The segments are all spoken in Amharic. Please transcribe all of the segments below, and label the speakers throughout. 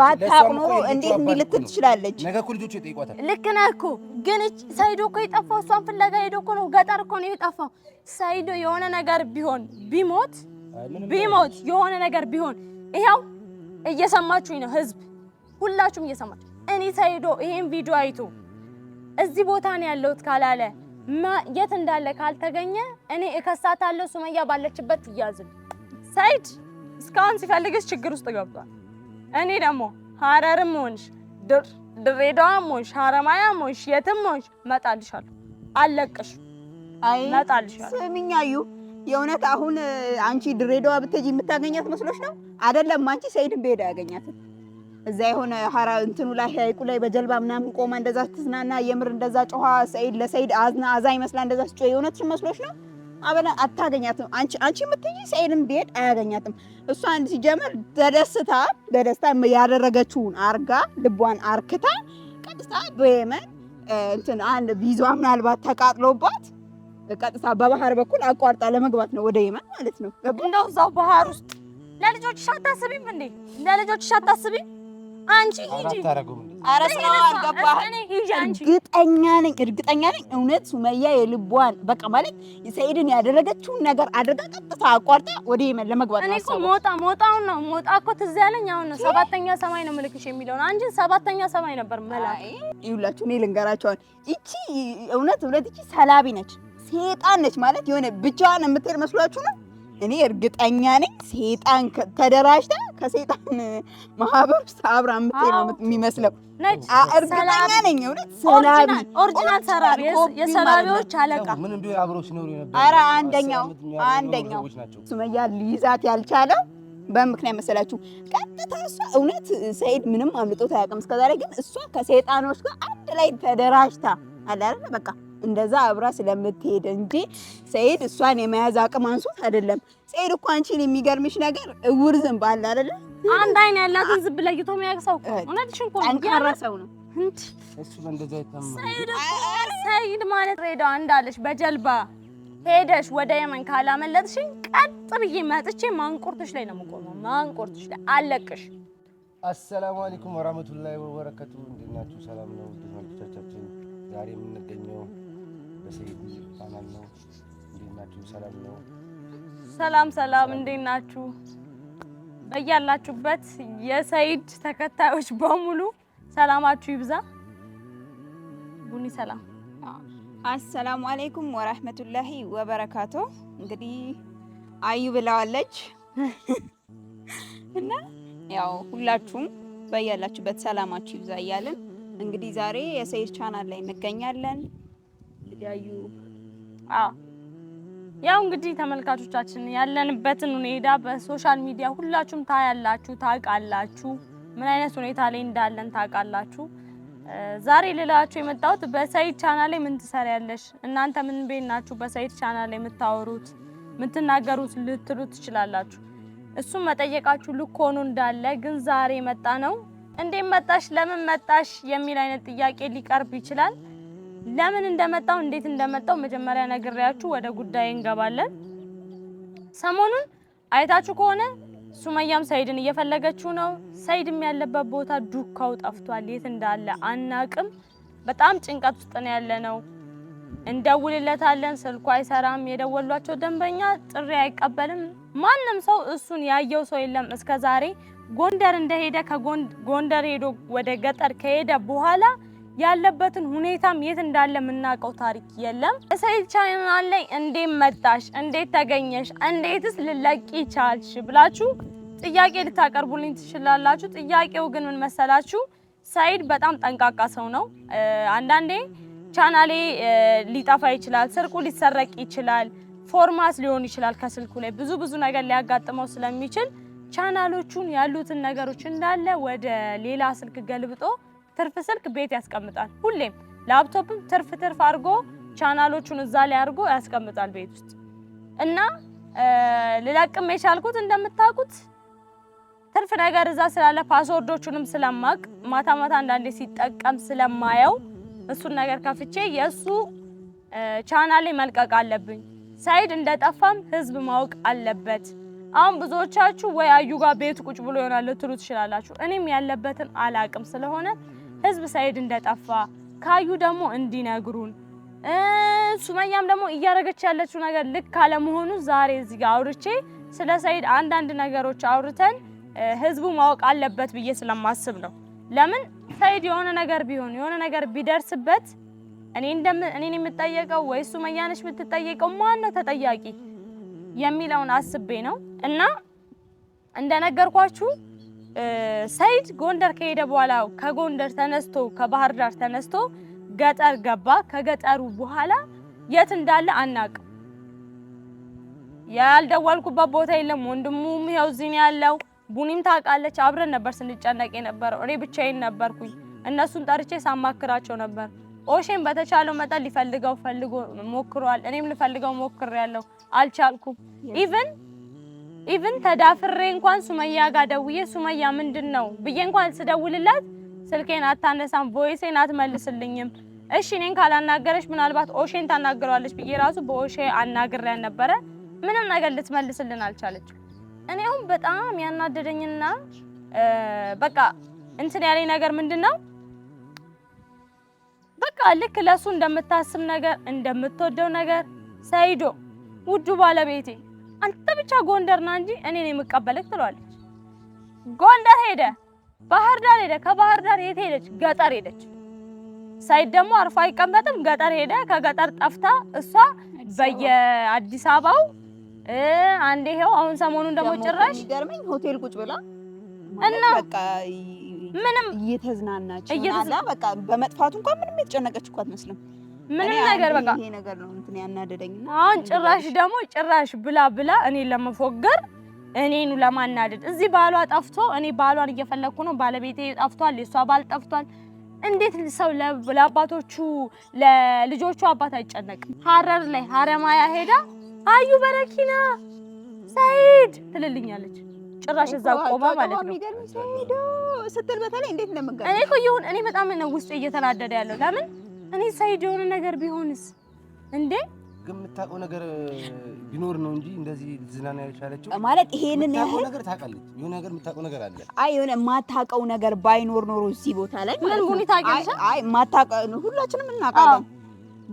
Speaker 1: ባታውቅ ኖሮ እንዴት እንዲህ ልትል ትችላለች?
Speaker 2: ነገ እኮ ልጆቹ ይጠይቋታል።
Speaker 1: ልክ ነህ እኮ ግን ሰይዶ እኮ የጠፋው እሷን ፍለጋ ሄዶ እኮ ነው። ገጠር እኮ ነው የጠፋው። ሰይዶ የሆነ ነገር ቢሆን ቢሞት ቢሞት የሆነ ነገር ቢሆን ይኸው እየሰማችሁኝ ነው ህዝብ፣ ሁላችሁም እየሰማችሁ እኔ ሰይዶ ይሄን ቪዲዮ አይቶ እዚህ ቦታ ነው ያለሁት ካላለ የት እንዳለ ካልተገኘ እኔ እከሳታለሁ። ሱመያ ባለችበት ትያዝም። ሰይድ እስካሁን ሲፈልግስ ችግር ውስጥ ገብቷል። እኔ ደግሞ ሀረርም ሆንሽ ድሬዳዋም ሆንሽ ሀረማያም ሆንሽ የትም ሆንሽ እመጣልሻለሁ። አለቅሽ እመጣልሻለሁ። ስሚኝ አዩ፣ የእውነት አሁን አንቺ ድሬዳዋ ብትሄጂ የምታገኛት መስሎሽ ነው? አይደለም አንቺ ሰይድን ብሄዳ ያገኛት እዛ የሆነ ሀራ እንትኑ ላይ ሀይቁ ላይ በጀልባ ምናምን ቆማ እንደዛ ትዝናና የምር እንደዛ ጮኋ ሰይድ ለሰይድ አዝና አዛ ይመስላ እንደዛ ስጮ የእውነትሽን መስሎሽ ነው? አበላ አታገኛትም። አንቺ አንቺ የምትይኝ ሰኢድም ቢሄድ አያገኛትም። እሷ አንድ ሲጀመር በደስታ በደስታ ያደረገችውን አርጋ ልቧን አርክታ ቀጥታ በየመን እንትን አንድ ቪዛ ምናልባት ተቃጥሎባት ቀጥታ በባህር በኩል አቋርጣ ለመግባት ነው ወደ የመን ማለት ነው። እንደው እዛው ባህር ውስጥ ለልጆችሽ አታስቢም እንዴ? ለልጆችሽ አታስቢም አንቺ ሂጂ
Speaker 2: ኧረ አልገባህም።
Speaker 1: እርግጠኛ ነኝ እርግጠኛ ነኝ እውነት ሱመያ የልቧን በቃ ማለት ሰኢድን ያደረገችውን ነገር አድርጋ ቀጥታ አቋርጣ ወደ የመን ለመግባት እኔ እኮ ሞጣ ሞጣውን ነው ሞጣ እኮ ትዝ ያለኝ አሁን ነው። ሰባተኛ ሰማይ ነው ምልክሽ የሚለውን ሰባተኛ ሰማይ ነበር መላክ። ይኸውላችሁ እኔ ልንገራቸዋል። ይቺ እውነት እውነት ይቺ ሰላቢ ነች፣ ሴጣን ነች ማለት የሆነ ብቻዋን የምትሄድ መስሏችሁ ነው እኔ እርግጠኛ ነኝ ሴጣን ተደራጅታ ከሴጣን ማህበር ውስጥ አብራ የምትሄድ ነው የሚመስለው። እርግጠኛ ነኝ። እውነት ሰላቢ ኦሪጂናል ሰራቢ የሰራቢዎች አለቃ
Speaker 2: ምን እንደ አብሮ ሲኖሩ ነበር።
Speaker 1: ኧረ አንደኛው አንደኛው ሱመያ ሊይዛት ያልቻለው በምክንያት መሰላችሁ? ቀጥታ እሷ እውነት ሰይድ ምንም አምልጦት አያውቅም እስከዛሬ። ግን እሷ ከሴጣኖች ጋር አንድ ላይ ተደራጅታ አለ አይደል በቃ እንደዛ አብራ ስለምትሄድ እንጂ ሰይድ እሷን የመያዝ አቅም አንሱት አይደለም። ሰይድ እኮ አንቺን የሚገርምሽ ነገር እውር ዝንብ አለ አይደለ? አንድ አይን ያላትን ዝንብ ለይቶ የሚያውቅ ሰው እውነትሽን እኮ ጠንካራ ሰው ነው። ሰይድ ማለት ሬዳ እንዳለሽ በጀልባ ሄደሽ ወደ የመን ካላመለጥሽኝ ቀጥ ብዬ መጥቼ ማንቁርትሽ ላይ ነው የምቆመው። ማንቁርትሽ ላይ አለቅሽ።
Speaker 2: አሰላሙ አለይኩም ወራህመቱላሂ ወበረከቱ። እንዴት ናችሁ? ሰላም ነው። ዛሬ የምንገኘው ሰይድ ይባላል ነው። እንዴት ናችሁ? ሰላም ነው።
Speaker 1: ሰላም ሰላም፣ እንዴት ናችሁ? በያላችሁበት የሰይድ ተከታዮች በሙሉ ሰላማችሁ ይብዛ። ቡኒ ሰላም። አሰላሙ አሌይኩም ወራህመቱላሂ ወበረካቶ። እንግዲህ አዩ ብለዋለች እና ያው ሁላችሁም በያላችሁበት ሰላማችሁ ይብዛ እያልን እንግዲህ ዛሬ የሰይድ ቻናል ላይ እንገኛለን። እንዲያዩ አዎ ያው እንግዲህ ተመልካቾቻችን ያለንበትን ሁኔታ በሶሻል ሚዲያ ሁላችሁም ታያላችሁ፣ ታውቃላችሁ፣ ምን አይነት ሁኔታ ላይ እንዳለን ታውቃላችሁ። ዛሬ ልላችሁ የመጣሁት በሰይድ ቻናል ላይ ምን ትሰሪያለሽ? እናንተ ምን ቤት ናችሁ? በሰይድ ቻናል ላይ የምታወሩት የምትናገሩት ልትሉ ትችላላችሁ። እሱም መጠየቃችሁ ልክ ሆኖ እንዳለ ግን ዛሬ መጣ ነው እንዴት መጣሽ፣ ለምን መጣሽ የሚል አይነት ጥያቄ ሊቀርብ ይችላል። ለምን እንደመጣው እንዴት እንደመጣው መጀመሪያ ነግሬያችሁ ወደ ጉዳይ እንገባለን። ሰሞኑን አይታችሁ ከሆነ ሱመያም ሰይድን እየፈለገችው ነው። ሰይድም ያለበት ቦታ ዱካው ጠፍቷል፣ የት እንዳለ አናቅም። በጣም ጭንቀት ውስጥ ነው ያለ ነው። እንደውልለታለን፣ ስልኩ አይሰራም። የደወሏቸው ደንበኛ ጥሪ አይቀበልም። ማንም ሰው እሱን ያየው ሰው የለም። እስከ ዛሬ ጎንደር እንደሄደ ከጎንደር ሄዶ ወደ ገጠር ከሄደ በኋላ ያለበትን ሁኔታም የት እንዳለ የምናውቀው ታሪክ የለም። እሰይ ቻናል ላይ እንዴት መጣሽ፣ እንዴት ተገኘሽ፣ እንዴትስ ልለቂ ቻልሽ ብላችሁ ጥያቄ ልታቀርቡልኝ ትችላላችሁ። ጥያቄው ግን ምን መሰላችሁ? ሰይድ በጣም ጠንቃቃ ሰው ነው። አንዳንዴ ቻናሌ ሊጠፋ ይችላል፣ ስርቁ ሊሰረቅ ይችላል፣ ፎርማት ሊሆን ይችላል፣ ከስልኩ ላይ ብዙ ብዙ ነገር ሊያጋጥመው ስለሚችል ቻናሎቹን ያሉትን ነገሮች እንዳለ ወደ ሌላ ስልክ ገልብጦ ትርፍ ስልክ ቤት ያስቀምጣል። ሁሌም ላፕቶፕም ትርፍ ትርፍ አድርጎ ቻናሎቹን እዛ ላይ አድርጎ ያስቀምጣል ቤት ውስጥ እና ልለቅም የቻልኩት እንደምታውቁት ትርፍ ነገር እዛ ስላለ ፓስወርዶቹንም ስለማቅ ማታ ማታ አንዳንዴ ሲጠቀም ስለማየው እሱን ነገር ከፍቼ የእሱ ቻናሌ መልቀቅ አለብኝ። ሳይድ እንደጠፋም ህዝብ ማወቅ አለበት። አሁን ብዙዎቻችሁ ወይ አዩ ጋር ቤት ቁጭ ብሎ ይሆናል ልትሉ ትችላላችሁ። እኔም ያለበትን አላቅም ስለሆነ ህዝብ ሳይድ እንደጠፋ ካዩ ደግሞ እንዲነግሩን ሱመያም ደግሞ እያደረገች ያለችው ነገር ልክ አለመሆኑ ዛሬ እዚህ ጋር አውርቼ ስለ ሰኢድ አንዳንድ ነገሮች አውርተን ህዝቡ ማወቅ አለበት ብዬ ስለማስብ ነው። ለምን ሰኢድ የሆነ ነገር ቢሆን የሆነ ነገር ቢደርስበት እኔን የምጠየቀው ወይ ሱመያ ነች የምትጠየቀው? ማነው ተጠያቂ የሚለውን አስቤ ነው እና እንደነገርኳችሁ ሰይድ ጎንደር ከሄደ በኋላ ከጎንደር ተነስቶ ከባህር ዳር ተነስቶ ገጠር ገባ። ከገጠሩ በኋላ የት እንዳለ አናቅም። ያልደወልኩበት ቦታ የለም። ወንድሙም ይኸው እዚህ ነው ያለው። ቡኒም ታውቃለች። አብረን ነበር ስንጨነቅ የነበረው። እኔ ብቻዬን ነበርኩኝ። እነሱን ጠርቼ ሳማክራቸው ነበር። ኦሼን በተቻለው መጠን ሊፈልገው ፈልጎ ሞክሯል። እኔም ልፈልገው ሞክሬያለሁ፣ አልቻልኩም ኢቭን ኢቭን ተዳፍሬ እንኳን ሱመያ ጋር ደውዬ ሱመያ ምንድን ነው ብዬ እንኳን ስደውልላት ስልኬን አታነሳም፣ ቮይሴን አትመልስልኝም። እሺ እኔን ካላናገረች ምናልባት ኦሼን ታናግረዋለች ብዬ ራሱ በኦሼ አናግሬያን ነበረ። ምንም ነገር ልትመልስልን አልቻለች። እኔ አሁን በጣም ያናደደኝና በቃ እንትን ያለኝ ነገር ምንድን ነው በቃ ልክ ለሱ እንደምታስብ ነገር እንደምትወደው ነገር ሰይዶ ውዱ ባለቤቴ አንተ ብቻ ጎንደር ና እንጂ እኔ ነው የምቀበልህ ትለዋለች። ጎንደር ሄደ፣ ባህር ዳር ሄደ፣ ከባህር ዳር የት ሄደች? ገጠር ሄደች። ሳይድ ደግሞ አርፎ አይቀመጥም። ገጠር ሄደ፣ ከገጠር ጠፍታ እሷ በየአዲስ አበባው አንዴ ይሄው አሁን ሰሞኑን ደግሞ ጭራሽ ገርመኝ ሆቴል ቁጭ ብላ እና በቃ ምንም እየተዝናናች እና በቃ በመጥፋቱ እንኳን ምንም የተጨነቀች እኮ አትመስልም። ምንም ነገር በቃ ይሄ ነገር ነው እንትን ያናደደኝ። አሁን ጭራሽ ደግሞ ጭራሽ ብላ ብላ እኔን ለመፎገር እኔኑ ለማናደድ እዚህ ባሏ ጠፍቶ እኔ ባሏን እየፈለግኩ ነው። ባለቤቴ ጠፍቷል፣ የሷ ባል ጠፍቷል። እንዴት ሰው ለአባቶቹ ለልጆቹ አባት አይጨነቅም? ሀረር ላይ ሀረማያ ሄዳ አዩ በረኪና ሰይድ ትልልኛለች። ጭራሽ እዛ ቆማ ማለት ነው ስትል በተለይ እንዴት እንደምገ እኔ እኮ ይሁን እኔ በጣም ነው ውስጥ እየተናደደ ያለው ለምን እኔ ሳይድ የሆነ ነገር ቢሆንስ እንዴ?
Speaker 2: ግን የምታውቀው ነገር ቢኖር ነው እንጂ እንደዚህ ዝናና ያልቻለችው
Speaker 1: ማለት ይሄንን ያህል
Speaker 2: ነገር ታውቃለች። የሆነ ነገር የምታውቀው ነገር አለ።
Speaker 1: አይ የሆነ የማታውቀው ነገር ባይኖር ኖሮ እዚህ ቦታ ላይ ምን ቡኒ ታውቂያለሽ? አይ የማታውቀው ሁላችንም እናውቃለን።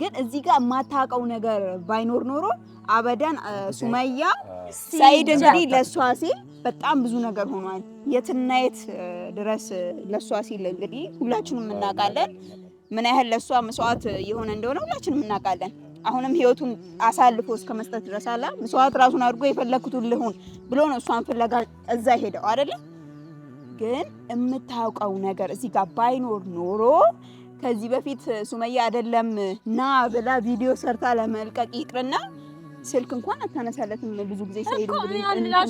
Speaker 1: ግን እዚህ ጋር የማታውቀው ነገር ባይኖር ኖሮ አበዳን ሱመያ ሳይድ እንግዲህ ለእሷ ሲል በጣም ብዙ ነገር ሆኗል። የትና የት ድረስ ለእሷ ሲል እንግዲህ ሁላችንም እናውቃለን። ምን ያህል ለእሷ መስዋዕት የሆነ እንደሆነ ሁላችንም እናውቃለን። አሁንም ህይወቱን አሳልፎ እስከ መስጠት ድረስ አላ መስዋዕት ራሱን አድርጎ የፈለግኩትን ልሁን ብሎ ነው እሷን ፍለጋ እዛ ሄደው አይደለም። ግን የምታውቀው ነገር እዚህ ጋር ባይኖር ኖሮ ከዚህ በፊት ሱመያ አይደለም ና ብላ ቪዲዮ ሰርታ ለመልቀቅ ይቅርና ስልክ እንኳን አታነሳለትም። ብዙ ጊዜ ሲሄዱ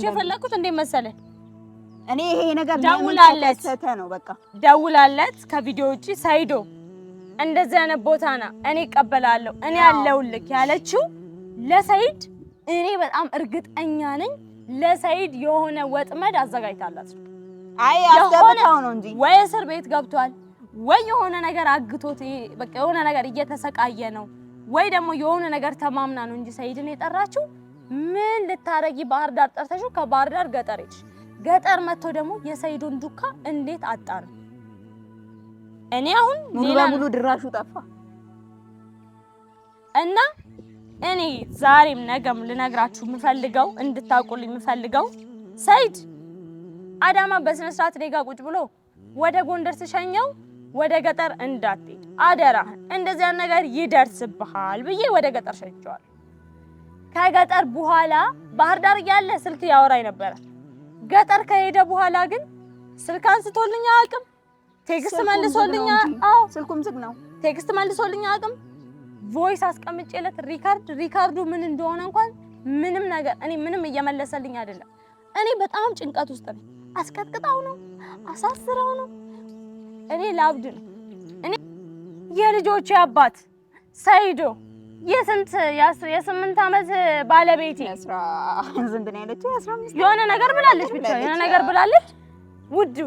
Speaker 1: የፈለግኩት እንዴ መሰለ እኔ ይሄ ነገር ደውላለት ነው በቃ ደውላለት ከቪዲዮ ውጭ ሳይዶ እንደዚህ አይነት ቦታ ና እኔ እቀበላለሁ እኔ ያለውልክ ያለችው ለሰይድ እኔ በጣም እርግጠኛ ነኝ ለሰይድ የሆነ ወጥመድ አዘጋጅታላት አይ አስገብታው ነው እንጂ ወይ እስር ቤት ገብቷል ወይ የሆነ ነገር አግቶት በቃ የሆነ ነገር እየተሰቃየ ነው ወይ ደግሞ የሆነ ነገር ተማምና ነው እንጂ ሰይድን የጠራችው ምን ልታረጊ ባህር ዳር ጠርተሽው ከባህር ዳር ገጠር ገጠር መጥቶ ደግሞ የሰይዱን ዱካ እንዴት አጣ ነው እኔ አሁን ሙሉ በሙሉ ድራሹ ጠፋ እና እኔ ዛሬም ነገም ልነግራችሁ የምፈልገው እንድታውቁልኝ የምፈልገው ሰይድ አዳማ በስነ ስርዓት እኔ ጋ ቁጭ ብሎ ወደ ጎንደር ስሸኘው ወደ ገጠር እንዳትሄድ አደራህን፣ እንደዚያ ነገር ይደርስብሃል ብዬ ወደ ገጠር ሸኝቼዋለሁ። ከገጠር በኋላ ባህር ዳር እያለ ስልክ ያወራኝ ነበረ። ገጠር ከሄደ በኋላ ግን ስልክ አንስቶልኝ አያውቅም። ቴክስት መልሶልኛ። አዎ ስልኩም ዝግ ነው። ቴክስት መልሶልኛ አቅም ቮይስ አስቀምጬለት ሪካርድ ሪካርዱ ምን እንደሆነ እንኳን ምንም ነገር እኔ ምንም እየመለሰልኝ አይደለም። እኔ በጣም ጭንቀት ውስጥ ነኝ። አስቀጥቅጣው ነው አሳስረው ነው እኔ ላብድ ነው። እኔ የልጆች አባት ሰይዶ የስንት የስምንት ዓመት ባለቤቴ የሆነ ነገር ብላለች፣ ብቻ የሆነ ነገር ብላለች። ውዱ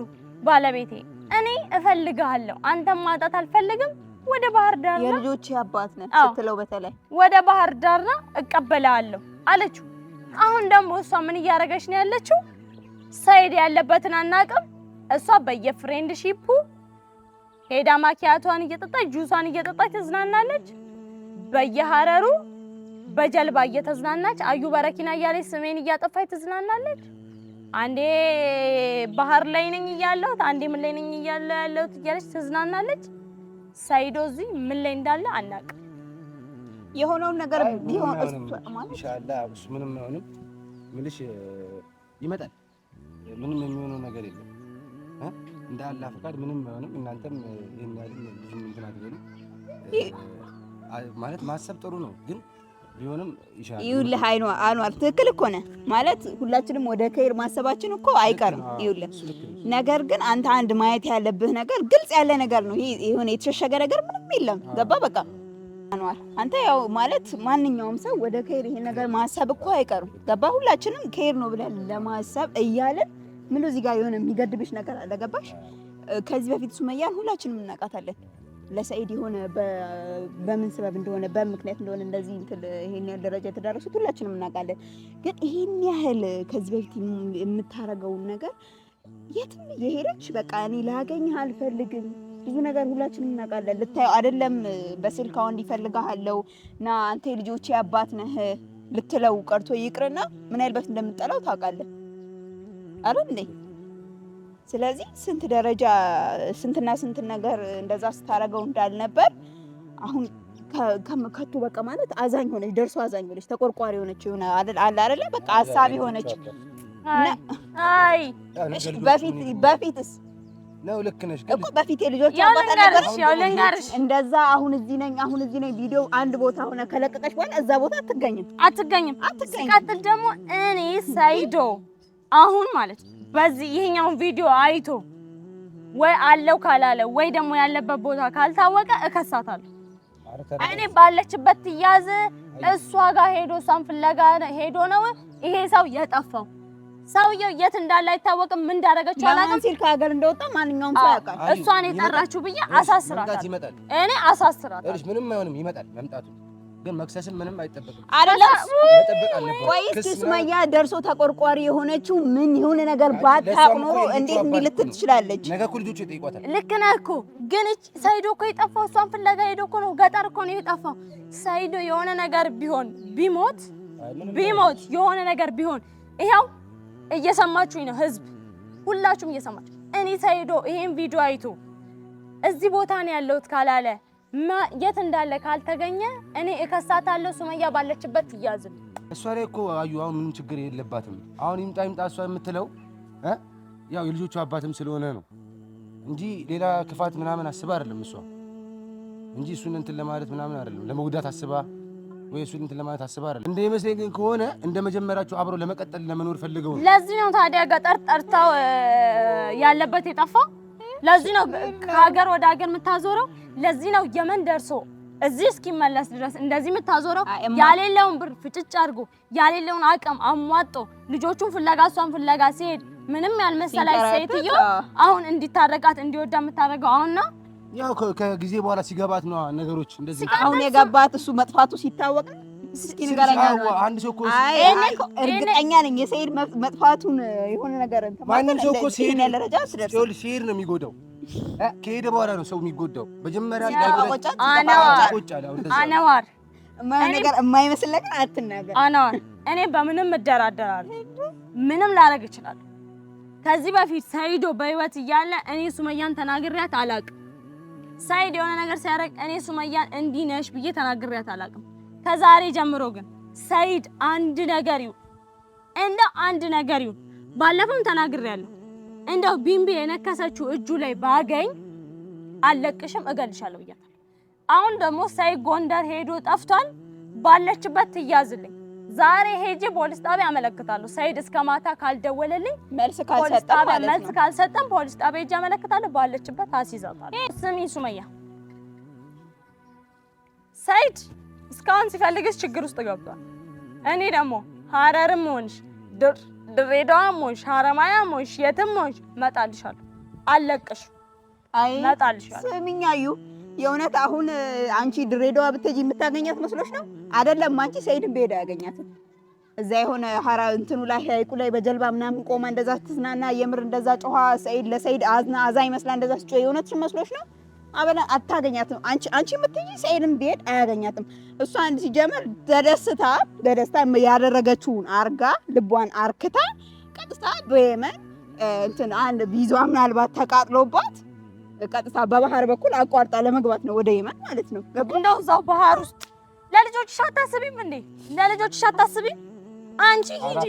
Speaker 1: ባለቤቴ እኔ እፈልግሃለሁ፣ አንተም ማጣት አልፈልግም። ወደ ባህር ዳር ነው አባት ነህ ስትለው በተለይ ወደ ባህር ዳር ነው እቀበላለሁ አለችው። አሁን ደግሞ እሷ ምን እያደረገች ነው ያለችው? ሰይድ ያለበትን አናውቅም። እሷ በየፍሬንድ ሺፑ ሄዳ ማኪያቷን እየጠጣች ጁሷን እየጠጣች ተዝናናለች። በየሀረሩ በጀልባ እየተዝናናች አዩ በረኪና እያለች ስሜን እያጠፋች ትዝናናለች። አንዴ ባህር ላይ ነኝ እያለሁት አንዴ ምን ላይ ነኝ እያለሁ ያለሁት እያለች ትዝናናለች። ሳይዶ እዚህ ምን ላይ እንዳለ አናውቅም። የሆነውን ነገር
Speaker 2: ቢሆን እሱ ማለት ኢንሻአላህ እሱ ምንም አይሆንም። ምልሽ ይመጣል። ምንም የሚሆነው ነገር የለም። እንደ አላህ ፈቃድ ምንም አይሆንም። እናንተም ይሄን ያህል ብዙም እንትን አትበሉ። ማለት ማሰብ ጥሩ ነው ግን ቢሆንም
Speaker 1: ይኸውልህ አኗር ትክክል እኮ ነህ። ማለት ሁላችንም ወደ ከይር ማሰባችን እኮ አይቀርም። ይኸውልህ ነገር ግን አንተ አንድ ማየት ያለብህ ነገር ግልጽ ያለ ነገር ነው። ይሁን የተሸሸገ ነገር ምንም የለም። ገባ በቃ አኗር አንተ ያው ማለት ማንኛውም ሰው ወደ ከይር ይሄ ነገር ማሰብ እኮ አይቀርም። ገባ ሁላችንም ከይር ነው ብለን ለማሰብ እያለን ምን እዚህ ጋር የሆነ የሚገድብሽ ነገር አለ። ገባሽ? ከዚህ በፊት ሱመያን ሁላችንም እናውቃታለን። ለሰኢድ የሆነ በምን ሰበብ እንደሆነ በምን ምክንያት እንደሆነ እንደዚህ ይሄን ያህል ደረጃ የተዳረሱት ሁላችንም እናውቃለን። ግን ይሄን ያህል ከዚህ በፊት የምታረገውን ነገር የትም የሄደች በቃ እኔ ላገኝህ አልፈልግም ብዙ ነገር ሁላችንም እናውቃለን። ልታየው አይደለም በስልክ አሁን እንዲፈልግሃለው እና አንተ የልጆቼ አባት ነህ ልትለው ቀርቶ ይቅርና ምን ያህል በፊት እንደምጠላው ታውቃለን አይደል? ስለዚህ ስንት ደረጃ ስንትና ስንት ነገር እንደዛ ስታረገው እንዳልነበር አሁን ከቱ በቃ ማለት አዛኝ ሆነች፣ ደርሶ አዛኝ ሆነች፣ ተቆርቋሪ ሆነች፣ ሆነ አለ አይደለ በቃ አሳቢ ሆነች። አይ በፊት በፊትስ ነው ልክ ነሽ እኮ በፊት የልጆች አባት ነበርሽ። ልንገርሽ እንደዛ አሁን እዚህ ነኝ አሁን እዚህ ነኝ ቪዲዮ አንድ ቦታ ሆነ ከለቀቀሽ በኋላ እዛ ቦታ አትገኝም አትገኝም አትገኝም። ሲቀጥል ደግሞ እኔ ሳይዶ አሁን ማለት ነው በዚህ ይሄኛውን ቪዲዮ አይቶ ወይ አለው ካላለ ወይ ደግሞ ያለበት ቦታ ካልታወቀ እከሳታለሁ። እኔ ባለችበት ትያዝ። እሷ ጋር ሄዶ እሷን ፍለጋ ሄዶ ነው ይሄ ሰው የጠፋው። ሰውየው የት እንዳለ አይታወቅም። ምን እንዳደረገች አላውቅም። ሲል ከሀገር እንደወጣ ማንኛውም ሰው ያውቃል። እሷን የጠራችሁ ብዬ አሳስራታለሁ። እኔ አሳስራታለሁ።
Speaker 2: ምንም አይሆንም። ይመጣል መምጣቱ ግን መክሰስም ምንም አይጠበቅም
Speaker 1: አይደለም። ቆይ ሱመያ ደርሶ ተቆርቋሪ የሆነችው ምን ይሁን ነገር ባታውቅ ኖሮ እንዴት እንዲህ ልትል ትችላለች?
Speaker 2: ነገ እኮ ልጆቹ ይጠይቋታል።
Speaker 1: ልክ ነህ እኮ ግን ሰይዶ እኮ የጠፋው እሷን ፍለጋ ሄዶ እኮ ነው። ገጠር እኮ ነው የጠፋው ሰይዶ። የሆነ ነገር ቢሆን ቢሞት ቢሞት የሆነ ነገር ቢሆን ይኸው እየሰማችሁኝ ነው ህዝብ፣ ሁላችሁም እየሰማችሁ እኔ ሰይዶ ይሄን ቪዲዮ አይቶ እዚህ ቦታ ነው ያለሁት ካላለ የት እንዳለ ካልተገኘ እኔ እከሳታለሁ። ሱመያ ባለችበት ትያዝም።
Speaker 2: እሷ ላይ እኮ አዩ አሁን ምንም ችግር የለባትም። አሁን ይምጣ ይምጣ እሷ የምትለው ያው የልጆቹ አባትም ስለሆነ ነው እንጂ ሌላ ክፋት ምናምን አስባ አይደለም እሷ እንጂ እሱን እንትን ለማለት ምናምን አይደለም ለመጉዳት አስባ ወይ እሱን እንትን ለማለት አስባ አይደለም። እንደ ይመስለኝ ግን ከሆነ እንደ መጀመሪያቸው አብረው ለመቀጠል ለመኖር ፈልገው
Speaker 1: ነው። ለዚህ ነው ታዲያ ገጠር ጠርታው ያለበት የጠፋው ለዚህ ነው ከሀገር ወደ ሀገር የምታዞረው። ለዚህ ነው የመን ደርሶ እዚህ እስኪመለስ ድረስ እንደዚህ የምታዞረው። ያሌለውን ብር ፍጭጭ አድርጎ ያሌለውን አቅም አሟጦ ልጆቹን ፍለጋ እሷን ፍለጋ ሲሄድ ምንም ያልመሰላች ሴትዮ አሁን እንዲታረቃት እንዲወዳ የምታደርገው አሁን ነው።
Speaker 2: ያው ከጊዜ በኋላ ሲገባት ነው ነገሮች
Speaker 1: እንደዚህ። አሁን የገባት እሱ መጥፋቱ ሲታወቅ አንድ ሰው እርግጠኛ ነኝ የሰኢድ መጥፋቱን የሆነ ነገር
Speaker 2: ማንም ሰው እኮ ሲሄድ ነው የሚጎዳው። ከሄደ በኋላ ነው ሰው የሚጎዳው። መጀመሪያ
Speaker 1: አነዋር ነገር የማይመስል ነገር አትናገር አነዋር። እኔ በምንም እደራደራለሁ፣ ምንም ላደርግ እችላለሁ። ከዚህ በፊት ሰኢዶ በህይወት እያለ እኔ ሱመያን ተናግሪያት አላውቅም። ሰኢድ የሆነ ነገር ሲያደርግ እኔ ሱመያን እንዲህ ነሽ ብዬ ተናግሪያት አላቅም። ከዛሬ ጀምሮ ግን ሰይድ አንድ ነገር ይሁን፣ እንደው አንድ ነገር ይሁን። ባለፈውም ተናግሬያለሁ። እንደው ቢምቢ የነከሰችው እጁ ላይ ባገኝ አለቅሽም እገልሻለሁ ብያለሁ። አሁን ደግሞ ሰይ ጎንደር ሄዶ ጠፍቷል። ባለችበት ትያዝልኝ። ዛሬ ሄጄ ፖሊስ ጣቢያ አመለክታለሁ። ሰይድ እስከ ማታ ካልደወለልኝ መልስ ካልሰጠም ፖሊስ ጣቢያ ሄጄ አመለክታለሁ። ባለችበት አስይዛታለሁ። ስሚ ሱመያ ሰይድ እስካሁን ሲፈልግሽ ችግር ውስጥ ገብቷል። እኔ ደግሞ ሀረርም ሆንሽ ድሬዳዋም ሆንሽ ሀረማያም ሆንሽ የትም ሆንሽ መጣልሻለሁ። አለቅሽ አይ መጣልሻለሁ። ስሚኝ የእውነት አሁን አንቺ ድሬዳዋ ብትሄጂ የምታገኛት መስሎች ነው? አይደለም። አንቺ ሰይድን በሄደ ያገኛትም እዛ የሆነ ሀራ እንትኑ ላይ ሀይቁ ላይ በጀልባ ምናምን ቆማ እንደዛ ትዝናና የምር እንደዛ ጮኋ ሰይድ ለሰይድ አዝና አዛ ይመስላ እንደዛ ስጮ የእውነትሽን መስሎች ነው? አበላ አታገኛትም። አንቺ አንቺ የምትይ ሰይንም ቢሄድ አያገኛትም። እሷ አንድ ሲጀመር ተደስታ በደስታ ያደረገችውን አርጋ ልቧን አርክታ ቀጥታ በየመን እንትን አንድ ቪዛ ምናልባት ተቃጥሎባት ቀጥታ በባህር በኩል አቋርጣ ለመግባት ነው ወደ የመን ማለት ነው። እንደው እዛው ባህር ውስጥ ለልጆችሽ አታስቢም እንዴ? ለልጆችሽ አታስቢም አንቺ ሂጂ።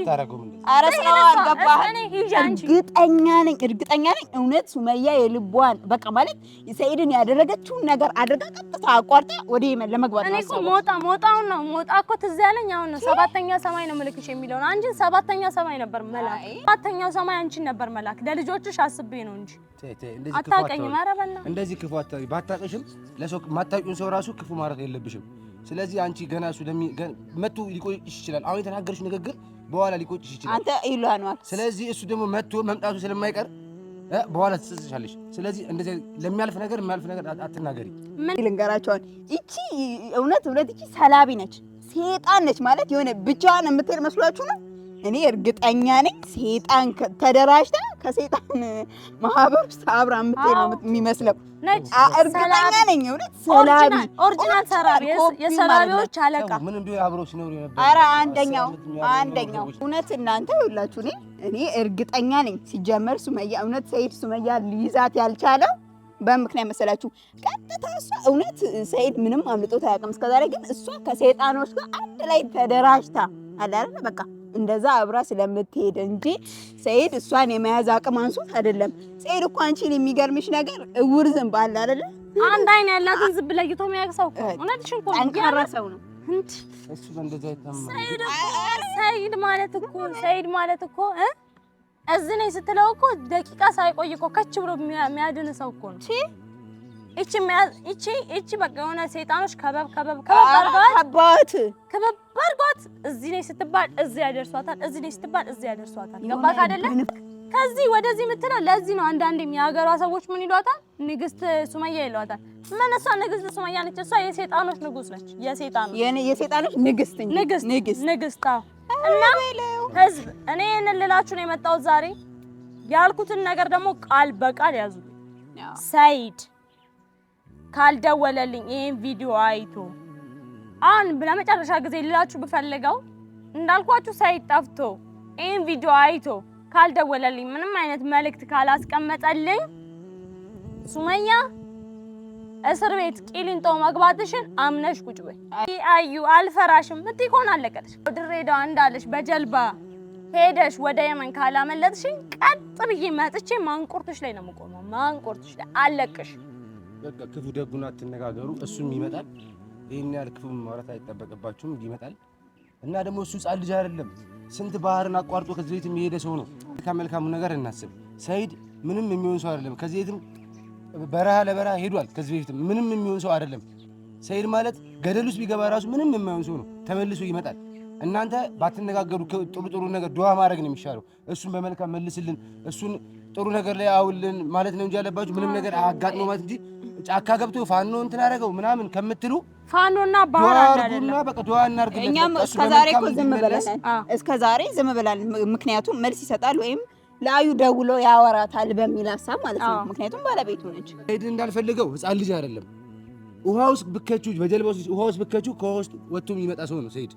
Speaker 1: ኧረ እርግጠኛ ነኝ እርግጠኛ ነኝ እውነት ሱመያ የልቧን በቃ ማለት ሰኢድን ያደረገችውን ነገር አድርጋ ቀጥታ አቋርጣ ወደ የመን ለመግባት እኔ እኮ ሞጣ ሞጣውን ነው ሞጣ እኮ ትዝ ያለኝ አሁን ነው። ሰባተኛ ሰማይ ነው ምልክሽ የሚለውን አንቺን ሰባተኛ ሰማይ ነበር መላክ። ሰባተኛው ሰማይ አንቺን ነበር መላክ። ለልጆችሽ አስቤ ነው እንጂ አታውቀኝም። ኧረ በእናትህ
Speaker 2: እንደዚህ ክፉ አታውቂም። ባታውቅሽም ለሰው የማታውቂውን ሰው ራሱ ክፉ ማለት የለብሽም። ስለዚህ አንቺ ገና እሱ መቶ ሊቆጭሽ ይችላል። አሁን የተናገረች ንግግር በኋላ ሊቆጭ ይችላል።
Speaker 1: አንተ ይሏኗል።
Speaker 2: ስለዚህ እሱ ደግሞ መቶ መምጣቱ ስለማይቀር በኋላ ትጸጽሻለሽ። ስለዚህ እንደዚህ ለሚያልፍ ነገር የሚያልፍ ነገር አትናገሪ።
Speaker 1: ምን ልንገራቸዋል? እቺ እውነት እውነት እቺ ሰላቢ ነች፣ ሴጣን ነች ማለት የሆነ ብቻዋን የምትሄድ መስሏችሁ ነው እኔ እርግጠኛ ነኝ ሴጣን ተደራጅታ ከሴጣን ማህበር ውስጥ አብራ የምትሄድ ነው የሚመስለው። እርግጠኛ ነኝ። እውነት ሰላቢ ኦሪጂናል ሰራቢ የሰራቢዎች አለቃ ኧረ አንደኛው አንደኛው። እውነት እናንተ ሁላችሁ እኔ እኔ እርግጠኛ ነኝ። ሲጀመር ሱመያ እውነት ሰይድ ሱመያ ሊይዛት ያልቻለው በምክንያት መሰላችሁ? ቀጥታ እሷ እውነት ሰይድ ምንም አምልጦት አያውቅም እስከዛሬ። ግን እሷ ከሴጣኖች ጋር አንድ ላይ ተደራጅታ አላለ በቃ እንደዛ አብራ ስለምትሄድ እንጂ ሰይድ እሷን የመያዝ አቅም አንሶት አይደለም። ሰይድ እኮ አንቺን የሚገርምሽ ነገር እውር ዝንብ አለ አይደለ? አንድ አይን ያላትን ዝንብ ለይቶ የሚያውቅ ሰው እኮ እውነትሽን እኮ ጠንካራ ሰው ነው። ሰይድ ማለት እኮ ሰይድ ማለት እኮ እዚህ ነኝ ስትለው እኮ ደቂቃ ሳይቆይ እኮ ከች ብሎ የሚያድን ሰው እኮ ነው። እቺ እቺ እቺ በቃ የሆነ ሰይጣኖች ከበብ ከበብ ከበብ አድርገዋት ከበብ አድርገዋት እዚህ ነኝ ስትባል እዚህ ያደርሷታል፣ እዚህ ነኝ ስትባል እዚህ ያደርሷታል። ገባክ አይደለ? ከዚህ ወደዚህ የምትለው ለዚህ ነው። አንዳንዴም የሀገሯ ሰዎች ምን ይሏታል? ንግስት ሱመያ ይሏታል። ምን እሷ ንግስት ሱመያ ነች። እሷ የሴጣኖች ንጉስ ነች። የሴጣኖች የሴጣኖች ንግስት ንግስት ንግስት ንግስት። እና ህዝብ እኔ ይሄንን ልላችሁ ነው የመጣሁት ዛሬ። ያልኩትን ነገር ደግሞ ቃል በቃል ያዙ። ሰይድ ካልደወለልኝ ይሄን ቪዲዮ አይቶ አሁን ለመጨረሻ ጊዜ ልላችሁ ብፈልገው እንዳልኳችሁ ሳይት ጠፍቶ ይህን ቪዲዮ አይቶ ካልደወለልኝ ምንም አይነት መልእክት ካላስቀመጠልኝ ሱመያ እስር ቤት ቂሊንጦ መግባትሽን አምነሽ ቁጭ በይ። አዩ አልፈራሽም እምትይ ከሆነ አለቀልሽ። ድሬዳዋ እንዳለሽ በጀልባ ሄደሽ ወደ የመን ካላመለጥሽኝ ቀጥ ብዬ መጥቼ ማንቁርትሽ ላይ ነው የምቆመው። ማንቁርትሽ ላይ አለቅሽ።
Speaker 2: በቃ ክፉ ደጉን አትነጋገሩ። እሱም ይመጣል ይህን ያህል ክፉ ማውራት አይጠበቅባችሁም። ይመጣል እና ደግሞ እሱ ጻል ልጅ አይደለም። ስንት ባህርን አቋርጦ ከዚህ ቤት የሚሄደ ሰው ነው። መልካም ነገር እናስብ። ሰይድ ምንም የሚሆን ሰው አይደለም። ከዚህ ቤትም በረሃ ለበረሃ ሄዷል። ከዚህ በፊትም ምንም የሚሆን ሰው አይደለም። ሰይድ ማለት ገደል ውስጥ ቢገባ ራሱ ምንም የማይሆን ሰው ነው። ተመልሶ ይመጣል። እናንተ ባትነጋገሩ ጥሩ ጥሩ ነገር ድዋ ማድረግ ነው የሚሻለው። እሱን በመልካም መልስልን፣ እሱን ጥሩ ነገር ላይ አውልን ማለት ነው እንጂ ያለባችሁ ምንም ነገር አጋጥሞ ማለት እንጂ ጫካ ገብቶ ፋኖ እንትን አደረገው ምናምን ከምትሉ ፋኖና ባህራና በቃ ዱዓ እናርግለት።
Speaker 1: እኛም እስከዛሬ እኮ ዝም ብለን እስከዛሬ ዝም ብለን ምክንያቱም መልስ ይሰጣል ወይም ለአዩ ደውሎ ያወራታል በሚል ሀሳብ ማለት ነው። ምክንያቱም ባለቤቱ ነች።
Speaker 2: ሄድ እንዳልፈልገው ህፃን ልጅ አይደለም። ውሃ ውስጥ ብከቹ በጀልባ ውስጥ ውሃ ውስጥ ብከቹ ከውሃ ወጥቶ የሚመጣ ሰው ነው ሰይድ